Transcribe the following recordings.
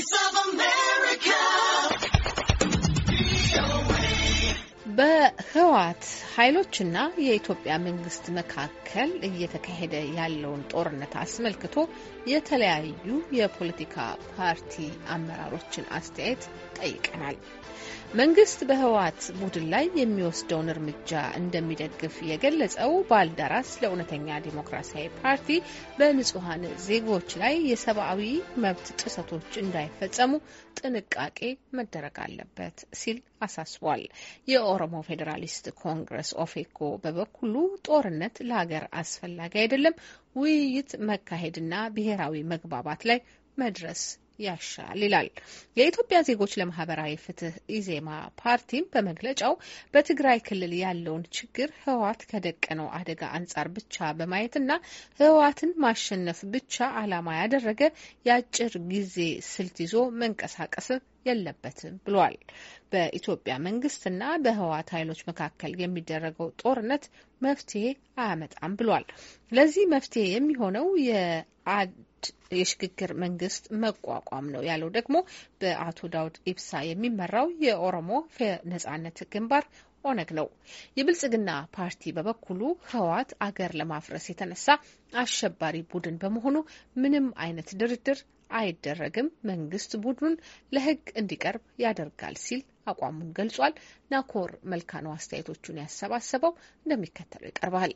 Voice of America. በህወሓት ኃይሎችና የኢትዮጵያ መንግስት መካከል እየተካሄደ ያለውን ጦርነት አስመልክቶ የተለያዩ የፖለቲካ ፓርቲ አመራሮችን አስተያየት ጠይቀናል። መንግስት በህወሓት ቡድን ላይ የሚወስደውን እርምጃ እንደሚደግፍ የገለጸው ባልደራስ ለእውነተኛ ዲሞክራሲያዊ ፓርቲ በንጹሐን ዜጎች ላይ የሰብአዊ መብት ጥሰቶች እንዳይፈጸሙ ጥንቃቄ መደረግ አለበት ሲል አሳስቧል። የኦሮሞ ፌዴራሊስት ኮንግረስ ኦፌኮ በበኩሉ ጦርነት ለሀገር አስፈላጊ አይደለም፣ ውይይት መካሄድና ብሔራዊ መግባባት ላይ መድረስ ያሻል ይላል። የኢትዮጵያ ዜጎች ለማህበራዊ ፍትህ ኢዜማ ፓርቲም በመግለጫው በትግራይ ክልል ያለውን ችግር ህወሓት ከደቀነው አደጋ አንጻር ብቻ በማየትና ህወሓትን ማሸነፍ ብቻ ዓላማ ያደረገ የአጭር ጊዜ ስልት ይዞ መንቀሳቀስ የለበትም ብሏል። በኢትዮጵያ መንግስትና በህወሓት ኃይሎች መካከል የሚደረገው ጦርነት መፍትሄ አያመጣም ብሏል። ለዚህ መፍትሄ የሚሆነው የሽግግር መንግስት መቋቋም ነው ያለው ደግሞ በአቶ ዳውድ ኢብሳ የሚመራው የኦሮሞ ነጻነት ግንባር ኦነግ ነው። የብልጽግና ፓርቲ በበኩሉ ህወሓት አገር ለማፍረስ የተነሳ አሸባሪ ቡድን በመሆኑ ምንም አይነት ድርድር አይደረግም፣ መንግስት ቡድኑን ለህግ እንዲቀርብ ያደርጋል ሲል አቋሙን ገልጿል። ናኮር መልካ ነው አስተያየቶቹን ያሰባሰበው፣ እንደሚከተለው ይቀርባል።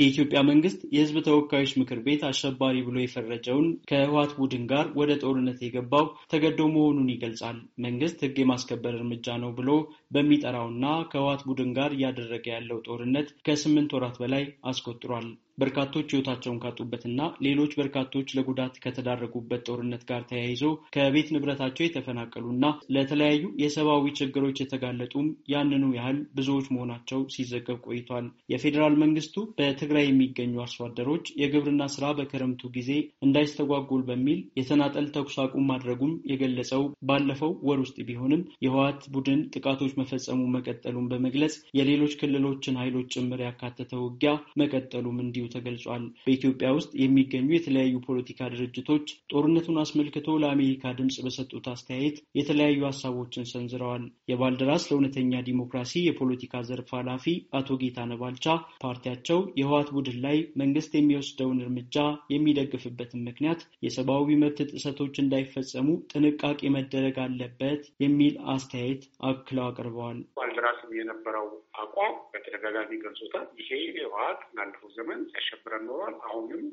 የኢትዮጵያ መንግስት የህዝብ ተወካዮች ምክር ቤት አሸባሪ ብሎ የፈረጀውን ከህወሓት ቡድን ጋር ወደ ጦርነት የገባው ተገዶ መሆኑን ይገልጻል። መንግስት ህግ የማስከበር እርምጃ ነው ብሎ በሚጠራውና ከህወሓት ቡድን ጋር እያደረገ ያለው ጦርነት ከስምንት ወራት በላይ አስቆጥሯል። በርካቶች ሕይወታቸውን ካጡበትና ሌሎች በርካቶች ለጉዳት ከተዳረጉበት ጦርነት ጋር ተያይዞ ከቤት ንብረታቸው የተፈናቀሉና ለተለያዩ የሰብአዊ ችግሮች የተጋለጡም ያንኑ ያህል ብዙዎች መሆናቸው ሲዘገብ ቆይቷል። የፌዴራል መንግስቱ በትግራይ የሚገኙ አርሶ አደሮች የግብርና ስራ በክረምቱ ጊዜ እንዳይስተጓጎል በሚል የተናጠል ተኩስ አቁም ማድረጉም የገለጸው ባለፈው ወር ውስጥ ቢሆንም የህወሓት ቡድን ጥቃቶች መፈጸሙ መቀጠሉን በመግለጽ የሌሎች ክልሎችን ኃይሎች ጭምር ያካተተ ውጊያ መቀጠሉም እንዲሁ ተገልጿል። በኢትዮጵያ ውስጥ የሚገኙ የተለያዩ ፖለቲካ ድርጅቶች ጦርነቱን አስመልክቶ ለአሜሪካ ድምፅ በሰጡት አስተያየት የተለያዩ ሀሳቦችን ሰንዝረዋል። የባልደራስ ለእውነተኛ ዲሞክራሲ የፖለቲካ ዘርፍ ኃላፊ አቶ ጌታ ነባልቻ ፓርቲያቸው የህወሓት ቡድን ላይ መንግስት የሚወስደውን እርምጃ የሚደግፍበትን ምክንያት የሰብአዊ መብት ጥሰቶች እንዳይፈጸሙ ጥንቃቄ መደረግ አለበት የሚል አስተያየት አክለው አቅርበዋል። ባልደራስም የነበረው አቋም በተደጋጋሚ ገልጾታል። ይሄ ህወሓት ላለፈው ዘመን ተሸብረን ኖሯል። አሁንም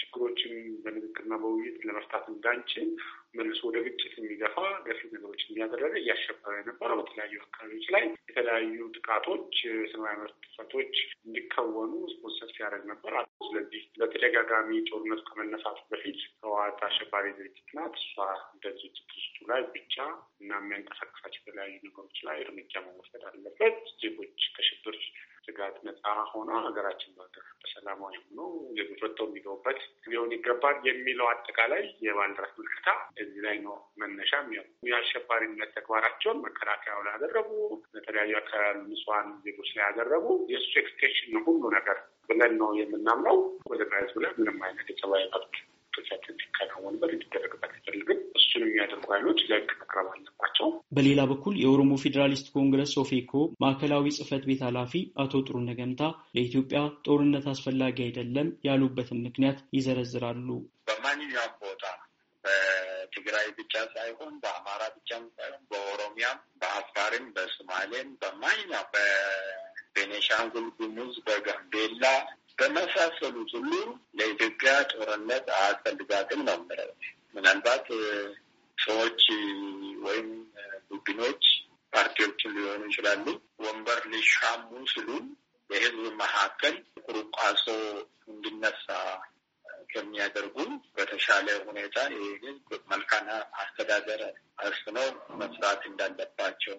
ችግሮችን በንግግርና በውይይት ለመፍታት እንዳንችል መልሶ ወደ ግጭት የሚገፋ ገፊ ነገሮች የሚያደረገ እያሸበረ የነበረው በተለያዩ አካባቢዎች ላይ የተለያዩ ጥቃቶች፣ ሰብአዊ መብት ጥሰቶች እንዲከወኑ ስፖንሰር ሲያደርግ ነበር። ስለዚህ በተደጋጋሚ ጦርነቱ ከመነሳቱ በፊት ህወሓት አሸባሪ ድርጅት ናት፣ እሷ እንደ ድርጅት ውስጡ ላይ ብቻ እና የሚያንቀሳቀሳቸው የተለያዩ ነገሮች ላይ እርምጃ መወሰድ አለበት። ዜጎች ከሽብር ስጋት ነጻ ሆና ሀገራችን በሀገር በሰላማዊ ሆኖ ወጥተው የሚገቡበት ሊሆን ይገባል የሚለው አጠቃላይ የባልደራስ ምልክታ እዚህ ላይ ነው መነሻም ያው የአሸባሪነት ተግባራቸውን መከላከያው ላይ ያደረጉ በተለያዩ አካባቢ ንጹሐን ዜጎች ላይ ያደረጉ የእሱ ኤክስቴንሽን ነው ሁሉ ነገር ብለን ነው የምናምነው። ወደ ህዝብ ላይ ምንም አይነት የሰብአዊ መብት ጥሰት እንዲከናወንበት እንዲደረግበት አይፈልግም እሱ የሚያደርጉ ኃይሎች ለህግ መቅረብ አለባቸው። በሌላ በኩል የኦሮሞ ፌዴራሊስት ኮንግረስ ኦፌኮ ማዕከላዊ ጽህፈት ቤት ኃላፊ አቶ ጥሩነ ገምታ ለኢትዮጵያ ጦርነት አስፈላጊ አይደለም ያሉበትን ምክንያት ይዘረዝራሉ። በማንኛውም ቦታ በትግራይ ብቻ ሳይሆን በአማራ ብቻም ሳይሆን በኦሮሚያም፣ በአፋርም፣ በሶማሌም፣ በማንኛውም በቤኔሻንጉል ጉሙዝ፣ በጋምቤላ በመሳሰሉት ሁሉ ለኢትዮጵያ ጦርነት አያስፈልጋትም ነው ምናልባት ሰዎች ወይም ቡድኖች ፓርቲዎችን ሊሆኑ ይችላሉ ወንበር ሊሻሙ ሲሉ በህዝብ መካከል ቁርቋሶ እንዲነሳ ከሚያደርጉ በተሻለ ሁኔታ የህዝብ መልካም አስተዳደር አስኖ መስራት እንዳለባቸው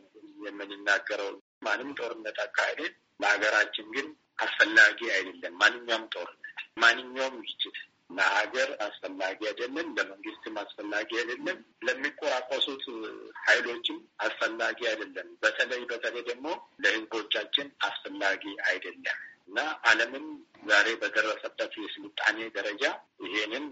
የምንናገረው። ማንም ጦርነት አካሄደ ለሀገራችን ግን አስፈላጊ አይደለም። ማንኛውም ጦርነት፣ ማንኛውም ግጭት ለሀገር አስፈላጊ አይደለም፣ ለመንግስትም አስፈላጊ አይደለም፣ ለሚቆራቆሱት ሀይሎችም አስፈላጊ አይደለም። በተለይ በተለይ ደግሞ ለህዝቦቻችን አስፈላጊ አይደለም እና ዓለምን ዛሬ በደረሰበት የስልጣኔ ደረጃ ይሄንን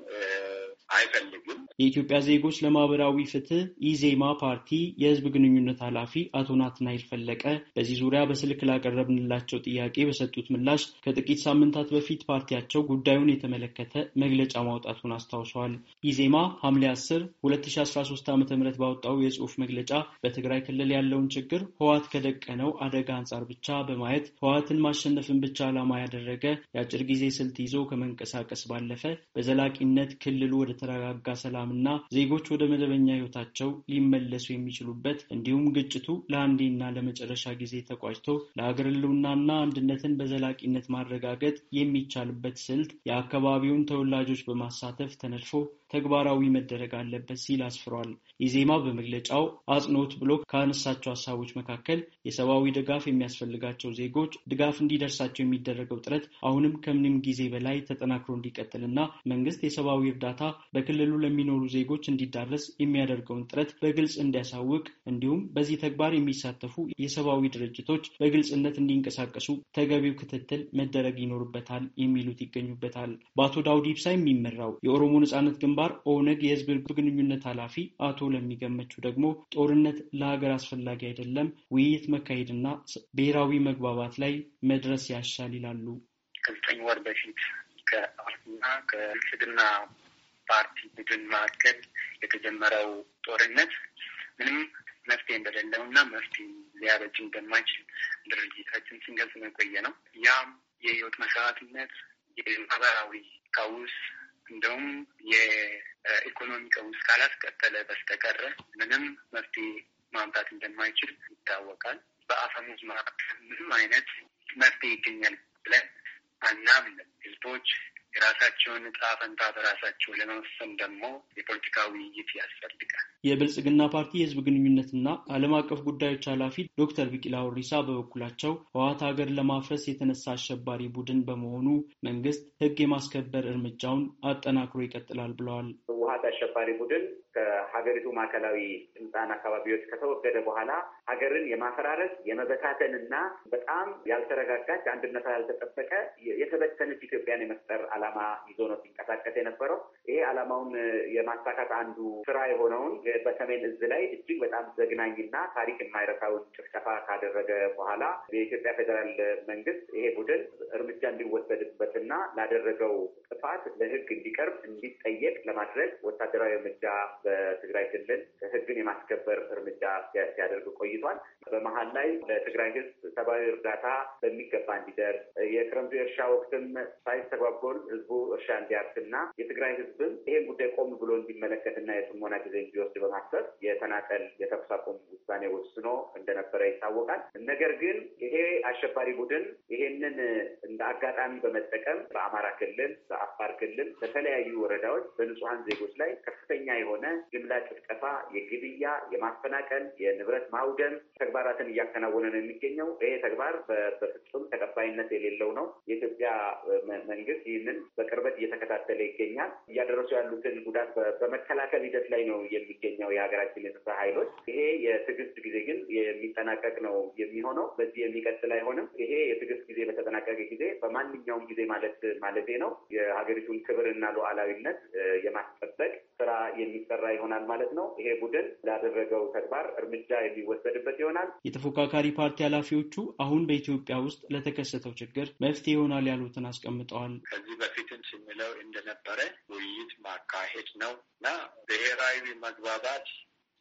አይፈልግም። የኢትዮጵያ ዜጎች ለማህበራዊ ፍትህ ኢዜማ ፓርቲ የህዝብ ግንኙነት ኃላፊ አቶ ናትናኤል ፈለቀ በዚህ ዙሪያ በስልክ ላቀረብንላቸው ጥያቄ በሰጡት ምላሽ ከጥቂት ሳምንታት በፊት ፓርቲያቸው ጉዳዩን የተመለከተ መግለጫ ማውጣቱን አስታውሰዋል። ኢዜማ ሐምሌ 10 2013 ዓ ም ባወጣው የጽሁፍ መግለጫ በትግራይ ክልል ያለውን ችግር ህዋት ከደቀነው አደጋ አንጻር ብቻ በማየት ህዋትን ማሸነፍን ብቻ ዓላማ ያደረገ የአጭር ጊዜ ስልት ይዞ ከመንቀሳቀስ ባለፈ በዘላቂነት ክልሉ ወደ ወደ ተረጋጋ ሰላምና ዜጎች ወደ መደበኛ ህይወታቸው ሊመለሱ የሚችሉበት እንዲሁም ግጭቱ ለአንዴና ለመጨረሻ ጊዜ ተቋጭቶ ለሀገር ህልውናና አንድነትን በዘላቂነት ማረጋገጥ የሚቻልበት ስልት የአካባቢውን ተወላጆች በማሳተፍ ተነድፎ ተግባራዊ መደረግ አለበት ሲል አስፍሯል። ኢዜማ በመግለጫው አጽንኦት ብሎ ካነሳቸው ሀሳቦች መካከል የሰብአዊ ድጋፍ የሚያስፈልጋቸው ዜጎች ድጋፍ እንዲደርሳቸው የሚደረገው ጥረት አሁንም ከምንም ጊዜ በላይ ተጠናክሮ እንዲቀጥልና መንግስት የሰብአዊ እርዳታ በክልሉ ለሚኖሩ ዜጎች እንዲዳረስ የሚያደርገውን ጥረት በግልጽ እንዲያሳውቅ እንዲሁም በዚህ ተግባር የሚሳተፉ የሰብአዊ ድርጅቶች በግልጽነት እንዲንቀሳቀሱ ተገቢው ክትትል መደረግ ይኖርበታል የሚሉት ይገኙበታል። በአቶ ዳውድ ኢብሳ የሚመራው የኦሮሞ ነጻነት ግንባር ግንባር ኦነግ የህዝብ ግንኙነት ኃላፊ አቶ ለሚገመቹ ደግሞ ጦርነት ለሀገር አስፈላጊ አይደለም፣ ውይይት መካሄድና ብሔራዊ መግባባት ላይ መድረስ ያሻል ይላሉ። ከዘጠኝ ወር በፊት ከአርና ከብልጽግና ፓርቲ ቡድን መካከል የተጀመረው ጦርነት ምንም መፍትሄ እንደሌለው እና መፍትሄ ሊያበጅ እንደማይችል ድርጅታችን ስንገልጽ መቆየ ነው። ያም የህይወት መሰራትነት የማህበራዊ ቀውስ እንደውም የኢኮኖሚ ቀውስ ካላስቀጠለ በስተቀረ ምንም መፍትሄ ማምጣት እንደማይችል ይታወቃል። በአፈሙዝ ምንም አይነት መፍትሄ ይገኛል ብለን አናምንም። ህዝቦች የራሳቸውን እጣ ፈንታ በራሳቸው ለመወሰን ደግሞ የፖለቲካ ውይይት ያስፈልጋል። የብልጽግና ፓርቲ የህዝብ ግንኙነትና ዓለም አቀፍ ጉዳዮች ኃላፊ ዶክተር ቢቂላ ሁሪሳ በበኩላቸው ህወሓት ሀገር ለማፍረስ የተነሳ አሸባሪ ቡድን በመሆኑ መንግስት ህግ የማስከበር እርምጃውን አጠናክሮ ይቀጥላል ብለዋል። ህወሓት አሸባሪ ቡድን ከሀገሪቱ ማዕከላዊ ስልጣን አካባቢዎች ከተወገደ በኋላ ሀገርን የማፈራረስ የመበታተን እና በጣም ያልተረጋጋች አንድነቷ ያልተጠበቀ የተበተነች ኢትዮጵያን የመፍጠር አላማ ይዞ ነው ሲንቀሳቀስ የነበረው። ይሄ አላማውን የማሳካት አንዱ ስራ የሆነውን በሰሜን እዝ ላይ እጅግ በጣም ዘግናኝና ታሪክ የማይረሳውን ጭፍጨፋ ካደረገ በኋላ የኢትዮጵያ ፌዴራል መንግስት ይሄ ቡድን እርምጃ እንዲወሰድበትና ላደረገው ጥፋት ለህግ እንዲቀርብ እንዲጠየቅ ለማድረግ ወታደራዊ እርምጃ በትግራይ ክልል ህግን የማስከበር እርምጃ ሲያደርግ ቆይቷል። በመሀል ላይ ለትግራይ ህዝብ ሰብአዊ እርዳታ በሚገባ እንዲደርስ የክረምቱ የእርሻ ወቅትም ሳይስተጓጎል ህዝቡ እርሻ እንዲያርስና የትግራይ ህዝብም ይሄን ጉዳይ ቆም ብሎ እንዲመለከትና የጥሞና ጊዜ እንዲወስድ በማሰብ የተናጠል የተኩስ አቁም ውሳኔ ወስኖ እንደነበረ ይታወቃል። ነገር ግን ይሄ አሸባሪ ቡድን ይሄንን እንደ አጋጣሚ በመጠቀም በአማራ ክልል፣ በአፋር ክልል በተለያዩ ወረዳዎች በንጹሀን ዜጎች ላይ ላይ ከፍተኛ የሆነ ጅምላ ጭፍጨፋ፣ የግድያ፣ የማፈናቀል፣ የንብረት ማውደም ተግባራትን እያከናወነ ነው የሚገኘው። ይሄ ተግባር በፍጹም ተቀባይነት የሌለው ነው። የኢትዮጵያ መንግስት ይህንን በቅርበት እየተከታተለ ይገኛል። እያደረሱ ያሉትን ጉዳት በመከላከል ሂደት ላይ ነው የሚገኘው የሀገራችን የጸጥታ ኃይሎች። ይሄ የትዕግስት ጊዜ ግን የሚጠናቀቅ ነው የሚሆነው። በዚህ የሚቀጥል አይሆንም። ይሄ የትዕግስት ጊዜ በተጠናቀቀ ጊዜ በማንኛውም ጊዜ ማለት ማለቴ ነው የሀገሪቱን ክብርና ሉዓላዊነት የማስጠበቅ ለማድረግ ስራ የሚሰራ ይሆናል ማለት ነው። ይሄ ቡድን ላደረገው ተግባር እርምጃ የሚወሰድበት ይሆናል። የተፎካካሪ ፓርቲ ኃላፊዎቹ አሁን በኢትዮጵያ ውስጥ ለተከሰተው ችግር መፍትሄ ይሆናል ያሉትን አስቀምጠዋል። ከዚህ በፊትም ስንለው እንደነበረ ውይይት ማካሄድ ነው እና ብሔራዊ መግባባት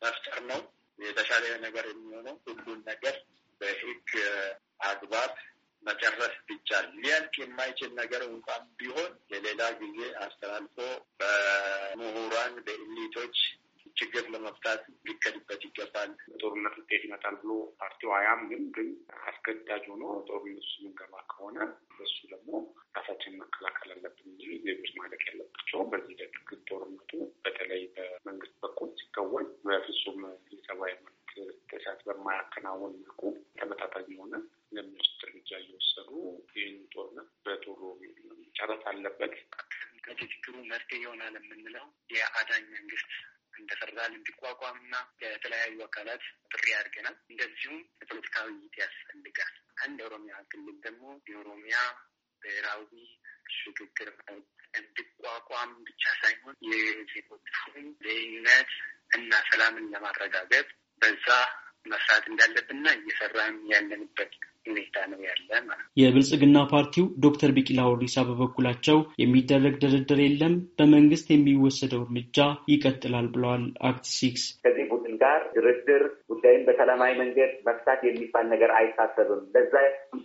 መፍጠር ነው የተሻለ ነገር የሚሆነው ሁሉን ነገር በህግ አግባብ መጨረስ ቢቻል ሊያልቅ የማይችል ነገር እንኳን ቢሆን የሌላ ጊዜ አስተላልፎ በሞ ኢትዮጵያን በኢሊቶች ችግር ለመፍታት ሊከድበት ይገባል። ጦርነት ውጤት ይመጣል ብሎ ፓርቲው አያም ግን ግን አስገዳጅ ሆኖ ጦርነት ውስጥ የምንገባ ከሆነ በሱ ደግሞ ራሳችን መከላከል አለብን እንጂ ዜጎች ማለቅ ያለባቸው። በዚህ ደግሞ ጦርነቱ በተለይ በመንግስት በኩል ሲከወን በፍጹም የሰብአዊ መብት ጥሰት በማያከናወን መልኩ ተመጣጣኝ የሆነ ለሚወስድ እርምጃ እየወሰዱ ይህን ጦርነት በቶሎ መጨረስ አለበት። ለችግሩ መፍትሄ ይሆናል የምንለው የአዳኝ መንግስት እንደ ፌደራል እንዲቋቋም እና የተለያዩ አካላት ጥሪ አድርገናል። እንደዚሁም የፖለቲካ ውይይት ያስፈልጋል። አንድ የኦሮሚያ ክልል ደግሞ የኦሮሚያ ብሔራዊ ሽግግር እንዲቋቋም ብቻ ሳይሆን የዜጎቹን ደህንነት እና ሰላምን ለማረጋገጥ በዛ መስራት እንዳለብንና እየሰራን ያለንበት ሁኔታ ነው ያለ ማለት ነው። የብልጽግና ፓርቲው ዶክተር ቢቂላ ወሪሳ በበኩላቸው የሚደረግ ድርድር የለም፣ በመንግስት የሚወሰደው እርምጃ ይቀጥላል ብለዋል። አክት ሲክስ ጋር ድርድር ጉዳይን በሰላማዊ መንገድ መፍታት የሚባል ነገር አይታሰብም። ለዛ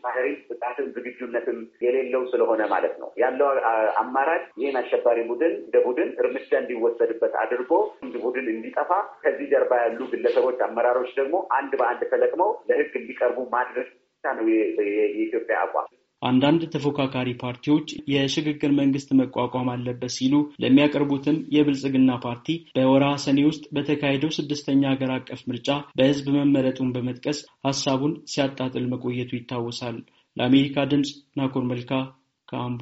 ባህሪ ብቃትን ዝግጁነትም የሌለው ስለሆነ ማለት ነው ያለው አማራጭ ይህን አሸባሪ ቡድን እንደ ቡድን እርምጃ እንዲወሰድበት አድርጎ ቡድን እንዲጠፋ ከዚህ ጀርባ ያሉ ግለሰቦች፣ አመራሮች ደግሞ አንድ በአንድ ተለቅመው ለህግ እንዲቀርቡ ማድረግ ብቻ ነው የኢትዮጵያ አቋም። አንዳንድ ተፎካካሪ ፓርቲዎች የሽግግር መንግስት መቋቋም አለበት ሲሉ ለሚያቀርቡትም የብልጽግና ፓርቲ በወርሃ ሰኔ ውስጥ በተካሄደው ስድስተኛ ሀገር አቀፍ ምርጫ በህዝብ መመረጡን በመጥቀስ ሀሳቡን ሲያጣጥል መቆየቱ ይታወሳል። ለአሜሪካ ድምፅ ናኮር መልካ ከአምቦ